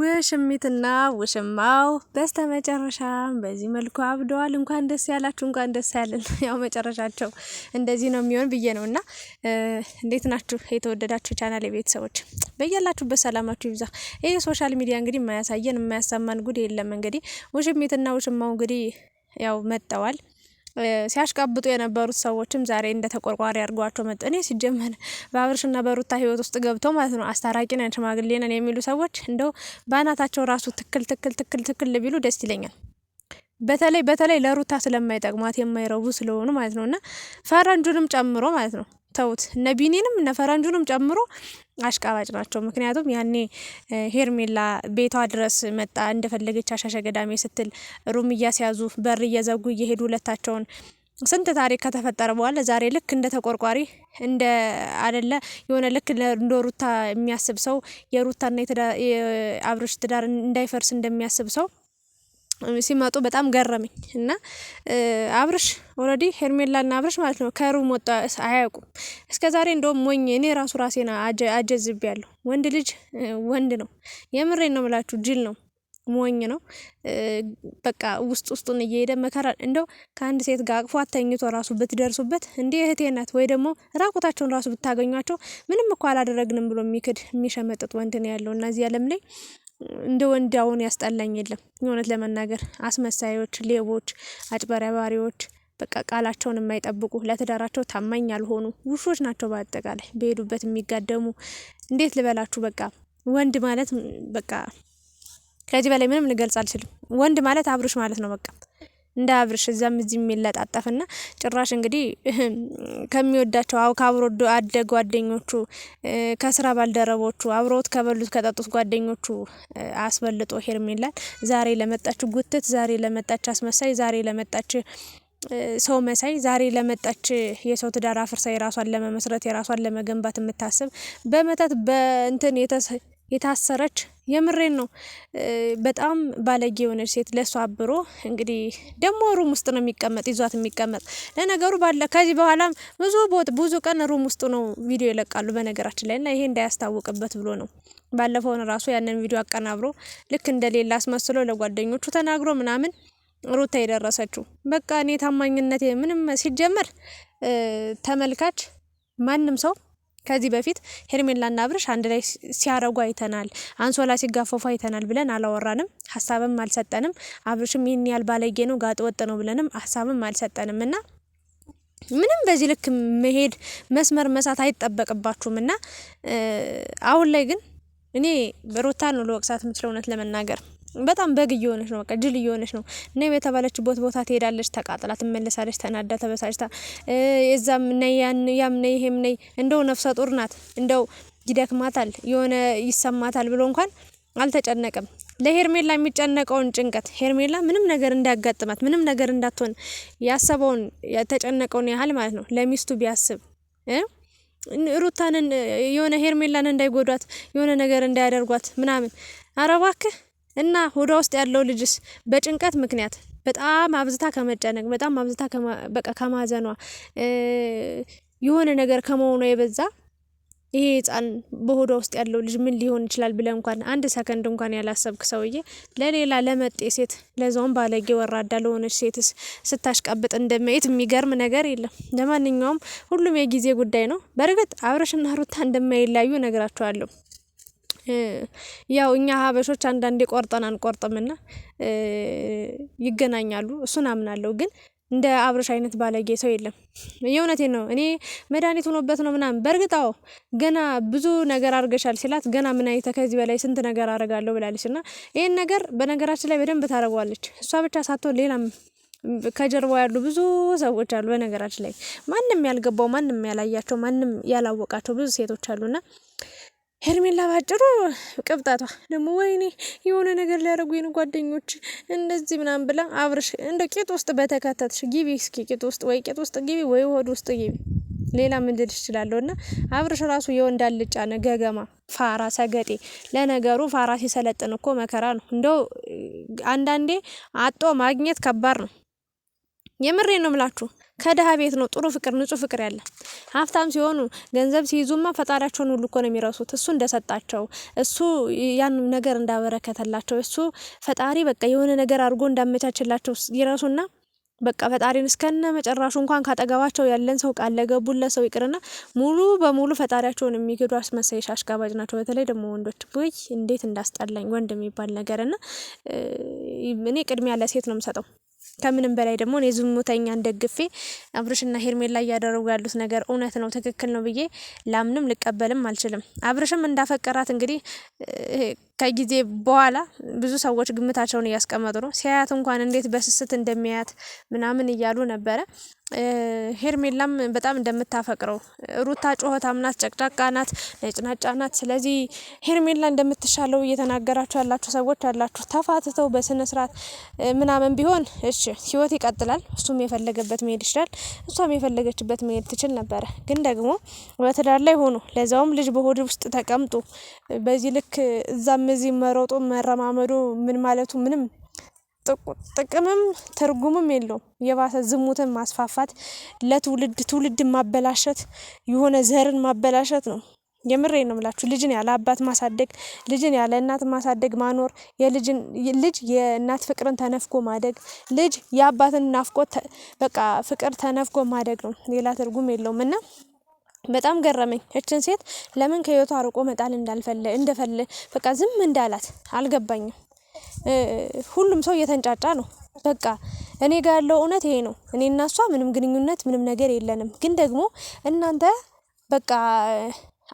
ውሽሚትና ውሽማው መጨረሻ በዚህ መልኩ አብደዋል። እንኳን ደስ ያላችሁ፣ እንኳን ደስ ያለን። ያው መጨረሻቸው እንደዚህ ነው የሚሆን ብዬ ነው እና እንዴት ናችሁ የተወደዳችሁ ቻናል የቤተሰቦች በያላችሁበት ሰላማችሁ ይብዛ። ይህ ሶሻል ሚዲያ እንግዲህ የማያሳየን የማያሰማን ጉድ የለም። እንግዲህ ውሽሚትና ውሽማው እንግዲህ ያው መጠዋል። ሲያሽቃብጡ የነበሩት ሰዎችም ዛሬ እንደ ተቆርቋሪ አድርጓቸው መጡ። እኔ ሲጀመር በአብርሽና በሩታ ህይወት ውስጥ ገብተው ማለት ነው አስታራቂ ነን ሽማግሌ ነን የሚሉ ሰዎች እንደው በአናታቸው ራሱ ትክል ትክል ትክል ትክል ቢሉ ደስ ይለኛል። በተለይ በተለይ ለሩታ ስለማይጠቅማት የማይረቡ ስለሆኑ ማለት ነው እና ፈረንጁንም ጨምሮ ማለት ነው ተውት። እነ ቢኒንም እነ ፈረንጁንም ጨምሮ አሽቃባጭ ናቸው። ምክንያቱም ያኔ ሄርሜላ ቤቷ ድረስ መጣ እንደፈለገች አሻሸ ገዳሜ ስትል ሩም እያስያዙ በር እየዘጉ እየሄዱ ሁለታቸውን ስንት ታሪክ ከተፈጠረ በኋላ ዛሬ ልክ እንደ ተቆርቋሪ እንደ አደለ የሆነ ልክ እንደ ሩታ የሚያስብ ሰው የሩታና የአብርሽ ትዳር እንዳይፈርስ እንደሚያስብ ሰው ሲመጡ በጣም ገረመኝ እና አብርሽ ኦልሬዲ ሄርሜላና አብርሽ ማለት ነው ከሩም ወጣ አያውቁም እስከ ዛሬ እንደውም ሞኝ እኔ ራሱ ራሴን አጀዝብ ያለሁ ወንድ ልጅ ወንድ ነው። የምሬን ነው ምላችሁ፣ ጅል ነው፣ ሞኝ ነው። በቃ ውስጥ ውስጡን እየሄደ መከራ እንደው ከአንድ ሴት ጋር አቅፎ አተኝቶ ራሱ ብትደርሱበት እንዲህ እህቴ ናት ወይ ደግሞ ራቁታቸውን ራሱ ብታገኟቸው ምንም እኮ አላደረግንም ብሎ የሚክድ የሚሸመጥጥ ወንድ ነው ያለው እና እዚህ ዓለም ላይ እንደ ወንድ አሁን ያስጠላኝ የለም። የእውነት ለመናገር አስመሳዮች፣ ሌቦች፣ አጭበረባሪዎች በቃ ቃላቸውን የማይጠብቁ ለትዳራቸው ታማኝ ያልሆኑ ውሾች ናቸው። በአጠቃላይ በሄዱበት የሚጋደሙ እንዴት ልበላችሁ። በቃ ወንድ ማለት በቃ ከዚህ በላይ ምንም ልገልጽ አልችልም። ወንድ ማለት አብርሽ ማለት ነው በቃ እንደ አብርሽ እዛም እዚህ የሚለጣጠፍና ጭራሽ እንግዲህ ከሚወዳቸው አው ከአብሮ አደ ጓደኞቹ ከስራ ባልደረቦቹ አብሮት ከበሉት ከጠጡት ጓደኞቹ አስበልጦ ሄርሜላን ዛሬ ለመጣች ጉትት፣ ዛሬ ለመጣች አስመሳይ፣ ዛሬ ለመጣች ሰው መሳይ ዛሬ ለመጣች የሰው ትዳር አፍርሳ የራሷን ለመመስረት የራሷን ለመገንባት የምታስብ በመተት በእንትን የታሰረች የምሬን ነው። በጣም ባለጌ የሆነች ሴት ለሱ አብሮ እንግዲህ ደግሞ ሩም ውስጥ ነው የሚቀመጥ ይዟት የሚቀመጥ ለነገሩ ባለ ከዚህ በኋላም ብዙ ብዙ ቀን ሩም ውስጥ ነው ቪዲዮ ይለቃሉ በነገራችን ላይ እና ይሄ እንዳያስታውቅበት ብሎ ነው። ባለፈውን ራሱ ያንን ቪዲዮ አቀናብሮ ልክ እንደሌላ አስመስሎ ለጓደኞቹ ተናግሮ ምናምን ሩታ የደረሰችው በቃ እኔ ታማኝነት ምንም ሲጀመር ተመልካች ማንም ሰው ከዚህ በፊት ሄርሜላና አብርሽ አንድ ላይ ሲያረጉ አይተናል፣ አንሶላ ሲጋፈፉ አይተናል ብለን አላወራንም፣ ሀሳብም አልሰጠንም። አብርሽም ይህን ያህል ባለጌ ነው፣ ጋጥ ወጥ ነው ብለንም ሀሳብም አልሰጠንም እና ምንም በዚህ ልክ መሄድ መስመር መሳት አይጠበቅባችሁም እና አሁን ላይ ግን እኔ ሩታን ነው ለወቅሳት የምችለው እውነት ለመናገር በጣም በግ እየሆነች ነው። በቃ ጅል እየሆነች ነው። ነይ የተባለችበት ቦታ ትሄዳለች፣ ተቃጥላ ትመለሳለች፣ ተናዳ ተበሳጭታ። የዛም ነይ ያም ነይ ይሄም ነይ። እንደው ነፍሰ ጡር ናት፣ እንደው ይደክማታል፣ የሆነ ይሰማታል ብሎ እንኳን አልተጨነቅም። ለሄርሜላ የሚጨነቀውን ጭንቀት ሄርሜላ ምንም ነገር እንዳያጋጥማት ምንም ነገር እንዳትሆን ያሰበውን የተጨነቀውን ያህል ማለት ነው ለሚስቱ ቢያስብ ሩታንን የሆነ ሄርሜላን እንዳይጎዷት የሆነ ነገር እንዳያደርጓት ምናምን አረባክህ እና ሆዷ ውስጥ ያለው ልጅስ በጭንቀት ምክንያት በጣም አብዝታ ከመጨነቅ በጣም አብዝታ በቃ ከማዘኗ የሆነ ነገር ከመሆኗ የበዛ ይሄ ህፃን በሆዷ ውስጥ ያለው ልጅ ምን ሊሆን ይችላል ብለ እንኳን አንድ ሰከንድ እንኳን ያላሰብክ ሰውዬ ለሌላ ለመጤ ሴት ለዛውም ባለጌ ወራዳ ለሆነች ሴትስ ስታሽቃብጥ እንደማየት የሚገርም ነገር የለም። ለማንኛውም ሁሉም የጊዜ ጉዳይ ነው። በእርግጥ አብረሽና ሩታ እንደማይለያዩ ነግራቸዋለሁ። ያው እኛ ሀበሾች አንዳንዴ ቆርጠን አንቆርጥምና ይገናኛሉ፣ እሱን አምናለሁ። ግን እንደ አብርሽ አይነት ባለጌ ሰው የለም። የእውነቴ ነው። እኔ መድኃኒት ሆኖበት ነው ምናምን። በእርግጣው ገና ብዙ ነገር አድርገሻል ሲላት ገና ምን አይተ ከዚህ በላይ ስንት ነገር አደርጋለሁ ብላለች። እና ይህን ነገር በነገራችን ላይ በደንብ ታደርገዋለች። እሷ ብቻ ሳትሆን ሌላም ከጀርባ ያሉ ብዙ ሰዎች አሉ። በነገራችን ላይ ማንም ያልገባው፣ ማንም ያላያቸው፣ ማንም ያላወቃቸው ብዙ ሴቶች አሉና ሄርሜላ ባጭሩ ቅብጣቷ ደግሞ ወይኔ የሆነ ነገር ሊያደርጉ የኑ ጓደኞች እንደዚህ ምናምን ብላ አብርሽ እንደ ቂጥ ውስጥ በተካተትሽ ጊቢ እስኪ ቂጥ ውስጥ ወይ ቂጥ ውስጥ ጊቢ ወይ ሆድ ውስጥ ጊቢ ሌላ ምን ልልሽ እችላለሁ? እና አብርሽ ራሱ የወንድ አልጫ ነው፣ ገገማ ፋራ ሰገጤ። ለነገሩ ፋራ ሲሰለጥን እኮ መከራ ነው። እንደው አንዳንዴ አጦ ማግኘት ከባድ ነው። የምሬ ነው ምላችሁ ከድሃ ቤት ነው ጥሩ ፍቅር፣ ንጹህ ፍቅር ያለ። ሀብታም ሲሆኑ ገንዘብ ሲይዙማ ፈጣሪያቸውን ሁሉ እኮ ነው የሚረሱት። እሱ እንደሰጣቸው እሱ ያን ነገር እንዳበረከተላቸው እሱ ፈጣሪ በቃ የሆነ ነገር አድርጎ እንዳመቻችላቸው ይረሱና በቃ ፈጣሪን እስከነ መጨራሹ እንኳን ካጠገባቸው ያለን ሰው ቃል ለገቡለት ሰው ይቅርና ሙሉ በሙሉ ፈጣሪያቸውን የሚገዱ አስመሳይ አሽቃባጭ ናቸው። በተለይ ደግሞ ወንዶች ወይ እንዴት እንዳስጠላኝ ወንድ የሚባል ነገር እና እኔ ቅድሚያ ለሴት ነው የምሰጠው። ከምንም በላይ ደግሞ እኔ ዝሙተኛን ደግፌ አብርሽና ሄርሜላ እያደረጉ ያሉት ነገር እውነት ነው፣ ትክክል ነው ብዬ ላምንም ልቀበልም አልችልም። አብርሽም እንዳፈቀራት እንግዲህ ከጊዜ በኋላ ብዙ ሰዎች ግምታቸውን እያስቀመጡ ነው። ሲያያት እንኳን እንዴት በስስት እንደሚያያት ምናምን እያሉ ነበረ። ሄርሜላም በጣም እንደምታፈቅረው ሩታ ጮኸታም ናት፣ ጨቅጫቃ ናት፣ ነጭናጫ ናት። ስለዚህ ሄርሜላ እንደምትሻለው እየተናገራችሁ ያላችሁ ሰዎች አላችሁ ተፋትተው በስነ ስርዓት ምናምን ቢሆን እሺ፣ ህይወት ይቀጥላል። እሱም የፈለገበት መሄድ ይችላል፣ እሷም የፈለገችበት መሄድ ትችል ነበረ። ግን ደግሞ በትዳር ላይ ሆኖ ለዛውም ልጅ በሆድ ውስጥ ተቀምጦ በዚህ ልክ እዛም እዚህ መሮጡ መረማመዱ ምን ማለቱ ምንም ጥቅምም ትርጉምም የለውም። የባሰ ዝሙትን ማስፋፋት ለትውልድ ትውልድን ማበላሸት የሆነ ዘርን ማበላሸት ነው። የምሬ ነው ምላችሁ ልጅን ያለ አባት ማሳደግ፣ ልጅን ያለ እናት ማሳደግ ማኖር፣ ልጅ የእናት ፍቅርን ተነፍጎ ማደግ፣ ልጅ የአባትን ናፍቆት በቃ ፍቅር ተነፍጎ ማደግ ነው። ሌላ ትርጉም የለውም እና በጣም ገረመኝ። እችን ሴት ለምን ከህይወቷ አርቆ መጣል እንዳልፈለ እንደፈለ በቃ ዝም እንዳላት አልገባኝም። ሁሉም ሰው እየተንጫጫ ነው። በቃ እኔ ጋር ያለው እውነት ይሄ ነው። እኔ እና እሷ ምንም ግንኙነት ምንም ነገር የለንም። ግን ደግሞ እናንተ በቃ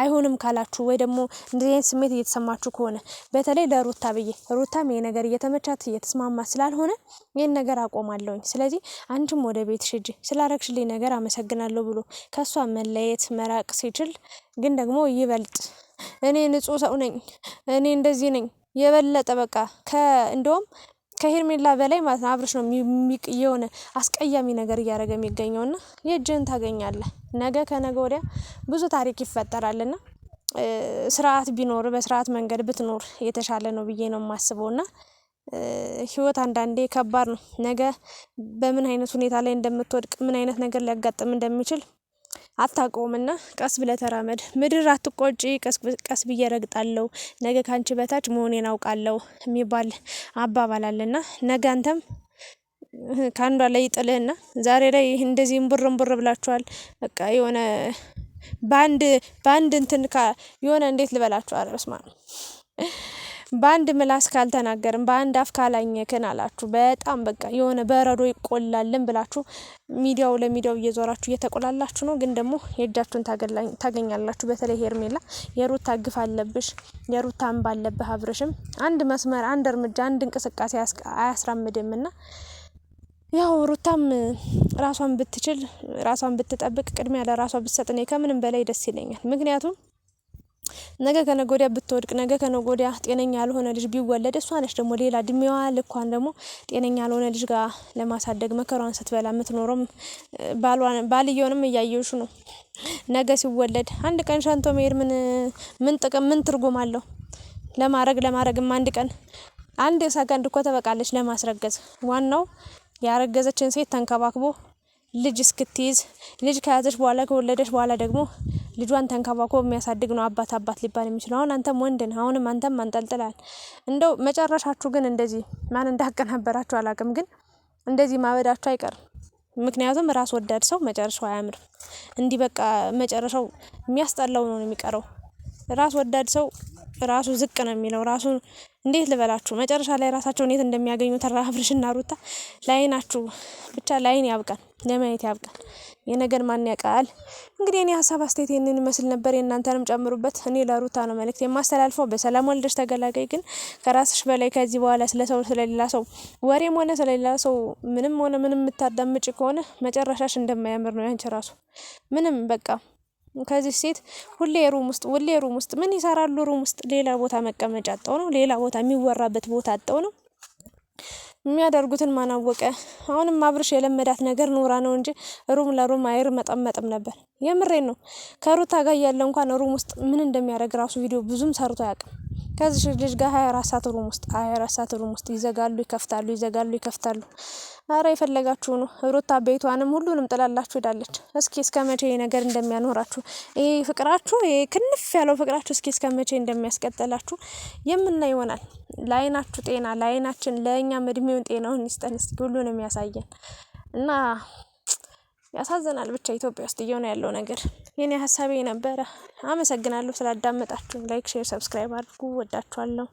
አይሆንም ካላችሁ ወይ ደግሞ እንደዚህ አይነት ስሜት እየተሰማችሁ ከሆነ በተለይ ለሩታ ብዬ ሩታም ይሄ ነገር እየተመቻት እየተስማማ ስላልሆነ ይህን ነገር አቆማለሁኝ። ስለዚህ አንቺም ወደ ቤትሽ ሂጂ፣ ስላረግሽልኝ ነገር አመሰግናለሁ ብሎ ከእሷ መለየት መራቅ ሲችል ግን ደግሞ ይበልጥ እኔ ንጹህ ሰው ነኝ፣ እኔ እንደዚህ ነኝ የበለጠ በቃ ከ እንደውም ከሄርሜላ በላይ ማለት ነው አብርሽ ነው የሆነ አስቀያሚ ነገር እያደረገ የሚገኘው ና የእጅህን ታገኛለህ። ነገ ከነገ ወዲያ ብዙ ታሪክ ይፈጠራልና ስርዓት ቢኖር በስርዓት መንገድ ብትኖር የተሻለ ነው ብዬ ነው የማስበው። ና ህይወት አንዳንዴ ከባድ ነው። ነገ በምን አይነት ሁኔታ ላይ እንደምትወድቅ ምን አይነት ነገር ሊያጋጥም እንደሚችል አታቆምና ቀስ ብለ ተራመድ። ምድር አትቆጪ፣ ቀስ ብዬ ረግጣለሁ፣ ነገ ካንቺ በታች መሆኔን አውቃለሁ የሚባል አባባል አለና ነገ አንተም ከአንዷ ላይ ይጥልህና ዛሬ ላይ እንደዚህ እምቡር ብር ብላችኋል። በቃ የሆነ በአንድ በአንድ እንትን የሆነ እንዴት ልበላችሁ አረስማ በአንድ ምላስ ካልተናገርን በአንድ አፍ ካላኘክን አላችሁ። በጣም በቃ የሆነ በረዶ ይቆላልን ብላችሁ ሚዲያው ለሚዲያው እየዞራችሁ እየተቆላላችሁ ነው፣ ግን ደግሞ የእጃችሁን ታገኛላችሁ። በተለይ ሄርሜላ የሩታ ግፍ አለብሽ፣ የሩታ እንባ አለብህ። አብርሽም አንድ መስመር፣ አንድ እርምጃ፣ አንድ እንቅስቃሴ አያስራምድም ና ያው ሩታም ራሷን ብትችል ራሷን ብትጠብቅ ቅድሚያ ለራሷ ብትሰጥ እኔ ከምንም በላይ ደስ ይለኛል። ምክንያቱም ነገ ከነጎዲያ ብትወድቅ፣ ነገ ከነጎዲያ ጤነኛ ያልሆነ ልጅ ቢወለድ እሷ ነች ደግሞ ሌላ እድሜዋ ልኳን ደግሞ ጤነኛ ያልሆነ ልጅ ጋር ለማሳደግ መከሯን ስትበላ የምትኖረም ባልየውንም እያየሹ ነው። ነገ ሲወለድ አንድ ቀን ሸንቶ መሄድ ምን ምን ጥቅም ምን ትርጉም አለው? ለማረግ ለማረግም አንድ ቀን አንድ ሰከንድ እኮ ለማስረገዝ። ዋናው ያረገዘችን ሴት ተንከባክቦ ልጅ እስክትይዝ ልጅ ከያዘች በኋላ ከወለደች በኋላ ደግሞ ልጇን ተንከባኮ የሚያሳድግ ነው አባት አባት ሊባል የሚችለው። አሁን አንተም ወንድ ነህ፣ አሁንም አንተም አንጠልጥላል። እንደው መጨረሻችሁ ግን እንደዚህ ማን እንዳቀናበራችሁ አላውቅም፣ ግን እንደዚህ ማበዳችሁ አይቀርም። ምክንያቱም ራስ ወዳድ ሰው መጨረሻው አያምርም። እንዲህ በቃ መጨረሻው የሚያስጠላው ነው የሚቀረው ራስ ወዳድ ሰው ራሱ ዝቅ ነው የሚለው። ራሱ እንዴት ልበላችሁ መጨረሻ ላይ ራሳቸውን የት እንደሚያገኙ ተራ አብርሽና ሩታ ላይናችሁ ብቻ ላይን ያብቃን፣ ለማየት ያብቃን። የነገር ማን ያውቃል? እንግዲህ እኔ ሀሳብ አስተያየት ይህንን ይመስል ነበር። የእናንተንም ጨምሩበት። እኔ ለሩታ ነው መልእክት የማስተላልፈው። በሰላም ወልደሽ ተገላገይ። ግን ከራስሽ በላይ ከዚህ በኋላ ስለ ሰው ስለሌላ ሰው ወሬም ሆነ ስለሌላ ሰው ምንም ሆነ ምንም የምታዳምጭ ከሆነ መጨረሻሽ እንደማያምር ነው ያንቺ ራሱ ምንም በቃ ከዚህ ሴት ሁሌ ሩም ውስጥ ሁሌ ሩም ውስጥ ምን ይሰራሉ? ሩም ውስጥ ሌላ ቦታ መቀመጫ አጠው ነው። ሌላ ቦታ የሚወራበት ቦታ አጠው ነው። የሚያደርጉትን ማናወቀ። አሁንም አብርሽ የለመዳት ነገር ኑራ ነው እንጂ ሩም ለሩም አይር መጠመጥም ነበር። የምሬን ነው። ከሩታ ጋር ያለ እንኳን ሩም ውስጥ ምን እንደሚያደርግ ራሱ ቪዲዮ ብዙም ሰርቶ አያውቅም። ከዚህ ልጅ ጋር 24 ሰዓት ሩም ውስጥ 24 ሰዓት ሩም ውስጥ ይዘጋሉ፣ ይከፍታሉ፣ ይዘጋሉ፣ ይከፍታሉ። አረ የፈለጋችሁ ነው። ሩታ ቤቷንም ሁሉንም ጥላላችሁ ሄዳለች። እስኪ እስከ መቼ ይሄ ነገር እንደሚያኖራችሁ ይሄ ፍቅራችሁ ይሄ ክንፍ ያለው ፍቅራችሁ እስኪ እስከ መቼ እንደሚያስቀጥላችሁ የምና ይሆናል። ለአይናችሁ ጤና ለአይናችን ለእኛም እድሜውን ጤናውን ይስጠን። እስኪ ሁሉንም የሚያሳየን እና ያሳዝናል። ብቻ ኢትዮጵያ ውስጥ እየሆነ ያለው ነገር የኔ ሀሳቤ ነበረ። አመሰግናለሁ ስላዳመጣችሁ። ላይክ፣ ሼር፣ ሰብስክራይብ አድርጉ። ወዳችኋለሁ።